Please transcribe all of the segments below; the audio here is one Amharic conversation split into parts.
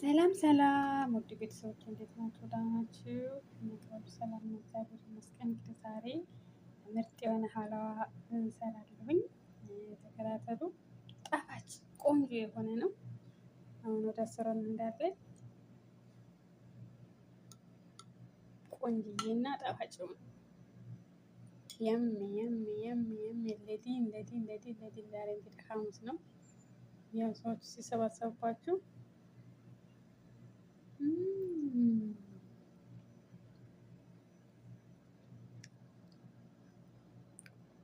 ሰላም ሰላም ውድ ቤተሰቦች እንዴት ናችሁ? ደህና ናችሁ? ምግባብ ሰላም ነው፣ እግዚአብሔር ይመስገን። ዛሬ ምርጥ የሆነ ሀላዋ እንሰራለሁኝ። የተከታተሉ ጣፋጭ ቆንጆ የሆነ ነው። አሁን ወደ ስሮን እንዳለን እና ጣፋጭ ሆነ የም የም የም የም ለዲ ለዲ ለዲ ለዲ ዛሬ እንግዲህ ሐሙስ ነው። ያው ሰዎች ሲሰባሰቡባችሁ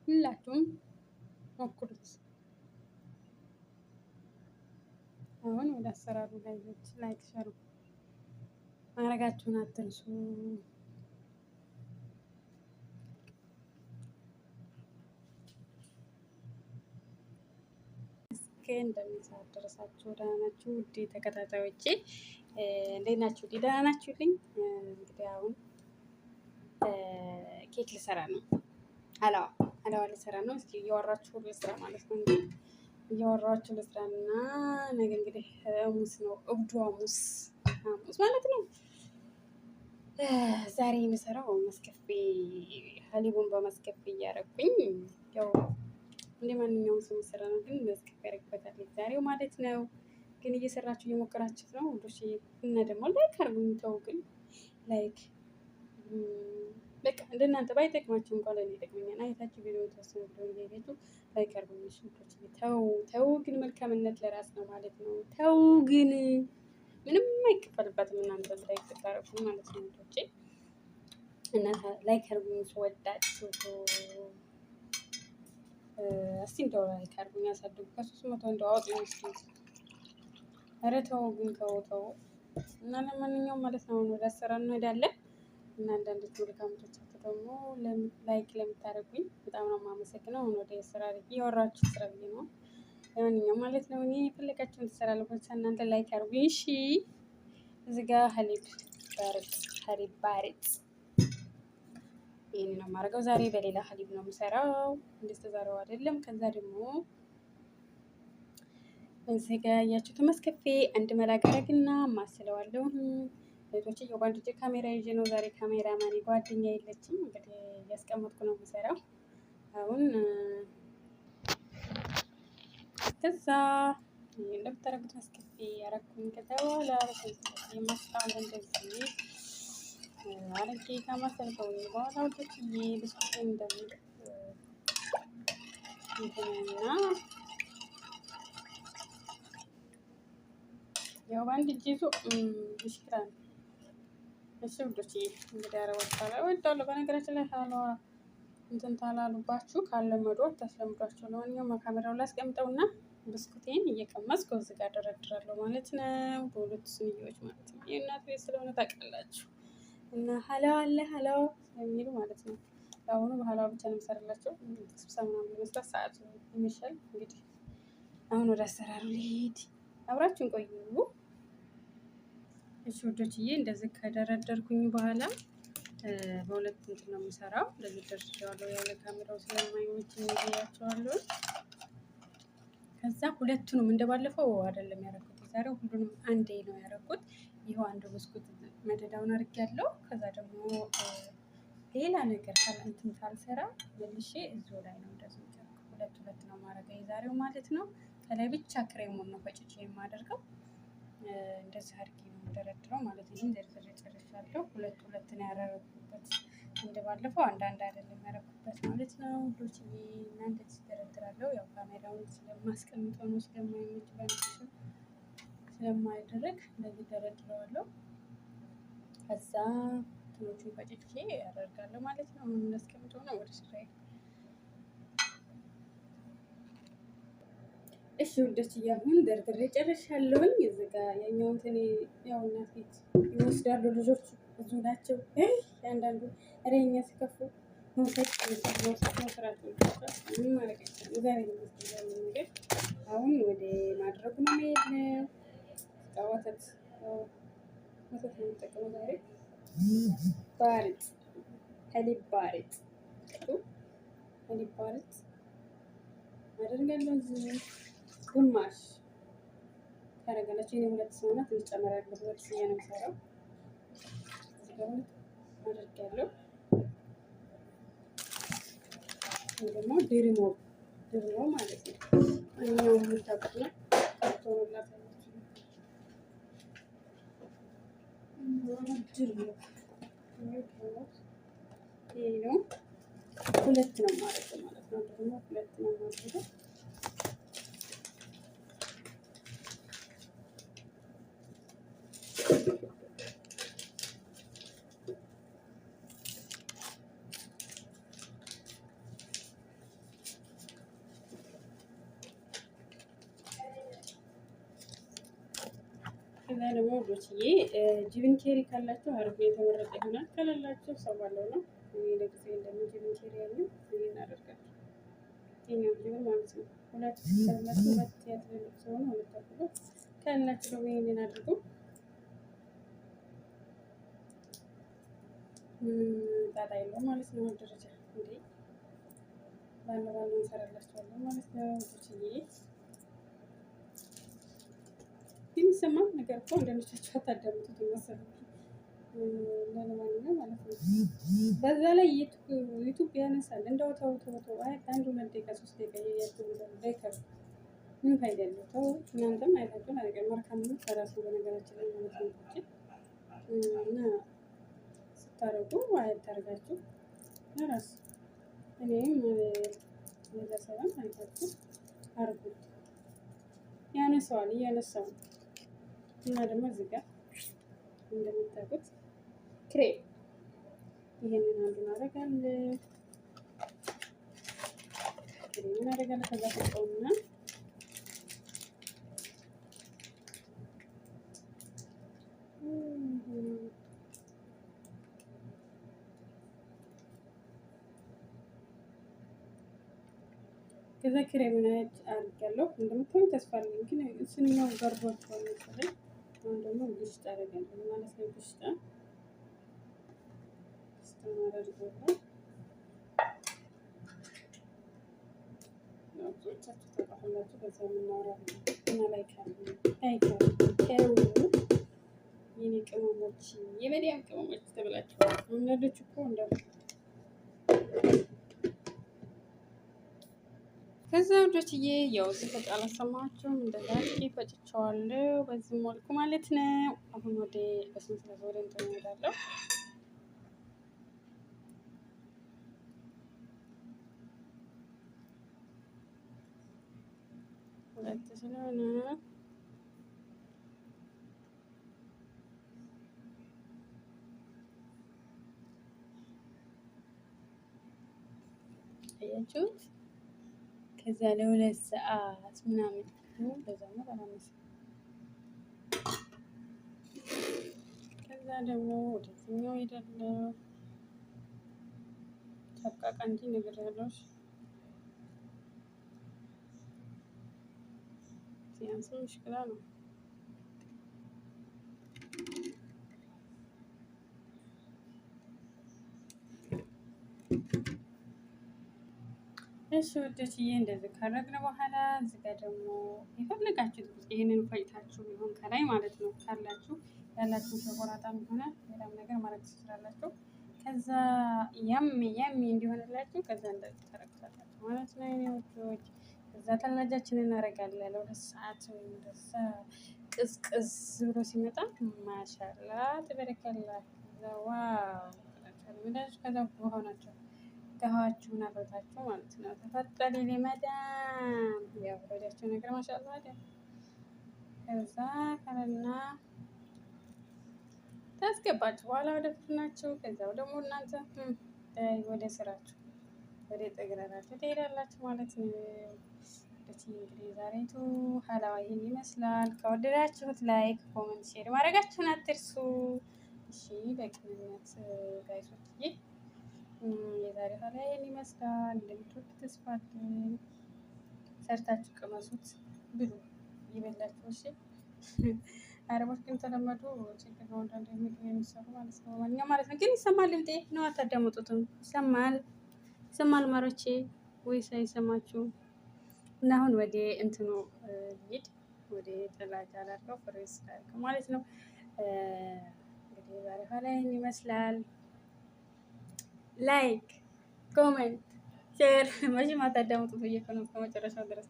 ሁላችሁም ሞክሩት። አሁን ወደ አሰራሩ ላይ ላይክ ሸሩ ማድረጋችሁን አትርሱ። ስልክ እንደምንሰዓት ደረሳችሁ። ደህና ናችሁ ውድ ተከታታዮቼ? እንዴት ናችሁ? ደህና ናችሁልኝ? እንግዲህ አሁን ኬክ ልሰራ ነው። አላዋ አላዋ ልሰራ ነው። እስኪ እያወራችሁ ልስራ ማለት ነው። እንግዲህ እያወራችሁ ልስራ እና ነገ እንግዲህ ሐሙስ ነው። እብዱ ሐሙስ ሐሙስ ማለት ነው። ዛሬ የምሰራው መስከፌ ሀሊቡን በመስከፌ እያረኩኝ ያው እንደ ማንኛውም ሰው የሚሰራ ነው፣ ግን መዝገብ ያደርግበታል ዛሬው ማለት ነው። ግን እየሰራችሁ እየሞከራችሁ ነው ወንዶች። እና ደግሞ ላይክ አርጉ የሚተው ግን ላይክ በቃ እንደናንተ ባይጠቅማችሁ እንኳን ለእኔ ይጠቅመኛል። አይታችሁ ቪዲዮ ተወሰነ ቪዲዮ እያያችሁ ላይክ አርጉ ሽንቶች ተው ተው፣ ግን መልካምነት ለራስ ነው ማለት ነው። ተው ግን ምንም አይከፈልበትም እናንተ ላይክ ስታረጉ ማለት ነው ውዶቼ እና ላይክ አርጉኝ ስወዳችሁ እስቲ እንደው ላይክ አድርጉኝ ያሳድጉ ከሶስት መቶ እንደው አወጡኝ እስኪ። ኧረ ተው ግን ተው ተው። እና ለማንኛውም ማለት ነው ወደ አሰራ እንሄዳለን እና አንዳንዶች መልካምቶቻቸው ደግሞ ላይክ ለምታደርጉኝ በጣም ነው የማመሰግነው። አሁን ወደ ስራ ልጅ የወራችሁ ስራ ብዬ ነው። ለማንኛውም ማለት ነው እኔ የፈለጋችሁን ትሰራለሁ። ብቻ እናንተ ላይክ አድርጉኝ እሺ። እዚህ ጋር ሀሊብ ባርጥ ሀሊብ ባርጥ ይህን ነው የማደርገው። ዛሬ በሌላ ሀሊብ ነው የምሰራው፣ እንደተዛረው አይደለም። ከዛ ደግሞ እዚህ ጋ ያያችሁትን መስከፌ አንድ መላገረግና ማስለዋለሁ። ቤቶች የጓንድ እጅ ካሜራ ይዤ ነው ዛሬ። ካሜራ ማን ጓደኛ የለችም፣ እንግዲህ እያስቀመጥኩ ነው የምሰራው አሁን ከዛ እንደምታደርጉት መስከፌ ያረኩኝ ከዛ በኋላ በሰንሰለት ማስጣ እንደዚህ አረጌ ከማሰል ከሆነ በኋላ ወደች ብስኩት እንደዚህ እንትንና ያው በአንድ እጅ ይዞ ምሽክራ እሺ ውዶች እንግዲህ አረወታላ ወዳሉ በነገራችን ላይ ካለዋ እንትን ታላሉባችሁ ካለመዱ ታስለምዷቸው። ለማንኛውም ካሜራው ላይ አስቀምጠውና ብስኩቴን እየቀመስኩ እዚህ ጋር ደረድራለሁ ማለት ነው። በሁለቱ ስንዮች ማለት ነው። የእናት ቤት ስለሆነ ታውቃላችሁ። እና ሀላዋ አለ ሀላዋ የሚሉ ማለት ነው። አሁኑ ባህላዊ ብቻ ነው የምሰራላቸው። ስብሰባ ምናምን ለመስራት ሰዓቱ የሚሻል እንግዲህ አሁን ወደ አሰራሩ ሊሄድ አብራችሁን ቆዩ። እሺ ወዶችዬ እንደዚህ ከደረደርኩኝ በኋላ በሁለት እንትን ነው የምሰራው። እንደዚህ ደርድሬዋለሁ። ያው ለካሜራው ስለማይመች ያቸዋለሁ። ከዛ ሁለቱንም እንደባለፈው አይደለም ያደረኩት። ዛሬ ሁሉንም አንዴ ነው ያደረኩት። ይኸው አንዱ ብስኩት መደዳውን አድርጊያለሁ። ከዛ ደግሞ ሌላ ነገር እንትን ካልሰራ መልሼ እዚሁ ላይ ነው እንደዚህ ሁለት ሁለት ነው ማድረግ የዛሬው ማለት ነው። ከላይ ብቻ ክሬሙን ነው ፈጭቼ የማደርገው እንደዚህ አድርጌ ነው የምደረድረው ማለት ነው። ደርድሬ ጨርሻለሁ። ሁለት ሁለት ነው ያረረኩበት እንደ ባለፈው አንዳንድ አይደለም ያረኩበት ማለት ነው። ሁሎች እናንተ ትደረድራለሁ። ያው ካሜራውን ስለማስቀምጠው ነው ስለማይመች ስለማይደረግ እንደዚህ ደረድረዋለሁ። ከዛ ትኖቹን ፈጭቼ ያደርጋለሁ ማለት ነው። ምን እናስቀምጠው ነው ወደ እሺ ውዶች እያሁን ደርድሬ ጨርሻለሁኝ። እዚህ ጋር ያኛው እንትን ያው እናት ቤት ይወስዳሉ ልጆች ብዙ ናቸው። አንዳንዱ ረኛ ሲከፉ አሁን ወደ ማድረጉ ነው ወተት ነው የምጠቀመው ዛሬ። ባርጥ ሀሊብ ባርጥ ሀሊብ ባርጥ አደርጋለሁ። እዚህ ግማሽ ታደርጋለች። ይህ ሁለት ሰሆነ ትንሽ ጨመር ያለበት ወደ ስያ ነው የሚሰራው። አደርጋለሁ ወይ ደግሞ ድሪሞ ድሪሞ ማለት ነው። እኛው የምታውቁት ነው። ሁለት ነው ማለት ነው ማለት ነው። ደግሞ ሁለት ነው ማለት ነው። ከዛ ደግሞ ዶችዬ ጅብን ኬሪ ካላቸው አሪፍ የተመረጠ ይሆናል። ከሌላቸው ሰባለው ነው። እኔ ለጊዜ ደግሞ ጅብን ኬሪ ያለ ይህን አደርጋለሁ። ይኛው ጅብን ማለት ነው። ሁለት ሲቀመጡ ሁለት ያስፈልግ ሲሆኑ ሁለት ከሌላቸው ደግሞ ይህንን አድርጎ ጣጣ የለው ማለት ነው። ደረጃ እንዴ ባለ እንሰራላቸዋለን ማለት ነው ዶችዬ የሚሰማም ነገር እኮ እንደምቻቸው አታዳምጡት መሰለኝ። ለማንኛውም ማለት ነው። በዛ ላይ ዩቱብ ያነሳል እንደው ተው ተው ተው። አይ አንድ ሁለት ደቂቃ ሶስት ደቂቃ እያያችሁ ይከር ምን ፋይዳ ያለው ተው። እናንተም አይታችሁ ነገር መልካም ነው ከራሱ በነገራችን ላይ ማለት ነው እና ስታረጉ አያታርጋችሁ ለራሱ እኔም ለዛ ሰላም አይታችሁ አርጉት። ያነሳዋል እያነሳው እና ደግሞ እዚህ ጋር እንደምታውቁት ክሬም ይህንን አንዱን አደርጋለሁ። ክሬምን አደርጋለሁ። ከዛ ተቀውና ከዛ እንደምታዩት ተስፋ አለኝ ግን ስንኛው ገርቧቸዋል መሰለኝ አሁን ደግሞ ግሽጣ አደርጋለሁ ማለት ነው። ግሽጣ ግሽጣ ማድረግ ብዙዎቻችሁ ተቋላችሁ በዛ የምናወራለን እና ላይክ ላይክ የኔ ቅመሞች የመዲያም ቅመሞች ተብላችኋል። አንዳንዶች እኮ እንዳሉ ከዛ ውዶችዬ ያው እዚህ ፈጭ አላሰማችሁም እንደዛ እስኪ ፈጭቸዋለሁ በዚህ መልኩ ማለት ነው። አሁን ወደ በስነ ስርዓት ወደ እንትን እሄዳለሁ። ሁለት ስለሆነ አያችሁት ከዛ ለሁለት ሰዓት ምናምን በዛ ነው ተመለሰ። ከዛ ደግሞ ወደዚህኛው ሄዳለሁ። ታቃቃ ነገር ያለሽ ሲያንስ ሙሽክላ ነው። እሱ ውዶችዬ እንደዚህ ካረግን በኋላ እዚህ ጋር ደግሞ የፈለጋችሁት ቁጭ ይህንን ፈጭታችሁ ቢሆን ከላይ ማለት ነው ካላችሁ ያላችሁ ሸቆራጣም ሆነ ሌላም ነገር ማለት ትችላላችሁ። ከዛ ያም ያም እንዲሆንላችሁ ከዛ እንደዚህ ታረግታላችሁ ማለት ነው የኔ ውዶች። ከዛ ተላጃችን እናደርጋለን ለሁለት ሰዓት ወይም እንደዛ ቅዝቅዝ ብሎ ሲመጣ ማሻላ ትበረከላ ዋው ከዛ ሆናቸው ድሃችሁን አፍርታችሁ ማለት ነው። ተፈጠሪ ሊመዳም ያወረዳቸው ነገር ማሻላ አለ። ከዛ ከለና ታስገባችሁ በኋላ ወደ ፍትናችሁ። ከዛው ደግሞ እናንተ ወደ ስራችሁ ወደ ጠግረራችሁ ትሄዳላችሁ ማለት ነው። እንግዲህ ዛሬቱ ሀላዋ ይህን ይመስላል። ከወደዳችሁት ላይክ፣ ኮመንት፣ ሼር ማድረጋችሁን አትርሱ። እሺ በቅንነት ጋይሶችዬ የዛሬ ኋላ ይህን ይመስላል። እንደምትወዱ ተስፋ አለኝ። ሰርታችሁ ቅመሱት፣ ብሉ፣ ይበላችሁ። እሺ አረቦች ግን ተለመዱ ችግር ነው። አንዳንድ ምግብ የሚሰሩ ማለት ነው በማንኛ ማለት ነው። ግን ይሰማል፣ ድምጤ ነው። አታዳምጡትም? ይሰማል፣ ይሰማል ድምጤ ነው አታደምጡትም? ይሰማል ይሰማል ማሮቼ ወይስ አይሰማችሁ? እና አሁን ወደ እንትኑ ሊድ ወደ ጥላቻ ላለው ፍሬ ስላልክ ማለት ነው እንግዲህ ዛሬ ኋላ ይህን ይመስላል። ላይክ ኮሜንት ሼር መቼም አታዳምጡ በየቀኑ ከመጨረሻው ድረስ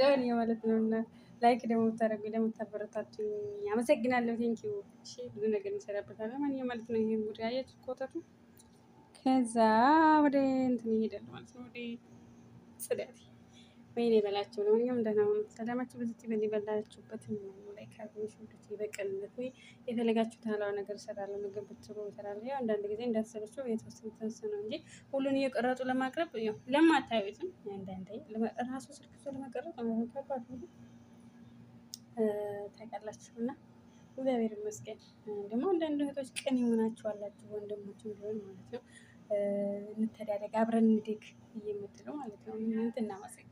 ያን የማለት ነው እና ላይክ ደግሞ ብታደርጉ ደግሞ ታበረታቱ አመሰግናለሁ። ቴንኪው። እሺ ብዙ ነገር እንሰራበታለን። ማን የማለት ነው ይሄን ጉዳይ አያችሁ፣ ኮተቱ ከዛ ወደ እንትን ይሄዳል ማለት ነው፣ ወደ ጽዳት ወይኔ በላቸው። ለማንኛውም ደህና ሆኑ፣ ሰላማችሁ ብዙ ይበላችሁበት ነው ላይክ አድርጉሽ ውድት ይበቀልልኩ የፈለጋችሁት ያለው ነገር ይሰራለ። ምግብ ብትሩ እሰራለሁ። ያው አንዳንድ ጊዜ እንዳሰበችው የተወሰነ ተንስ ነው እንጂ ሁሉን እየቀረጡ ለማቅረብ ያው ለማታዩትም አንዳንዴ ራሱ ስልክ ለመቀረጥ ነው ከባድ ነው ታውቃላችሁና እግዚአብሔር ይመስገን። ደግሞ አንዳንድ እህቶች ቅን የሆናችሁ አላችሁ፣ ወንድሞችን ቢሆን ማለት ነው። እንተዳደግ አብረን እንደግ እየምትሉ ማለት ነው። እናንተ እናመሰግናለን።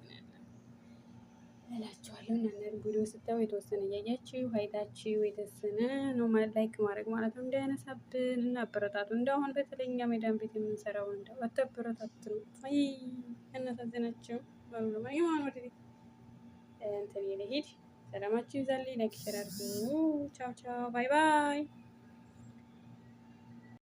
እላችኋለሁ። እናንተ ቪዲዮ ስታዩ የተወሰነ እያያችሁ አይታችሁ የተወሰነ ነው ማለት ላይክ ማድረግ ማለት ነው እንዳያነሳብን እና አበረታቱ። እንደሁን በተለኛ ሜዳን ቤት የምንሰራው እንደ አታበረታቱ ነው እናሳዘናቸው በምኖ ይሆን ወደ እንትን ይሄድ ሰላማችሁ ይዛልኝ። ላይክ ሸር አድርጉ። ቻው ቻው፣ ባይ ባይ።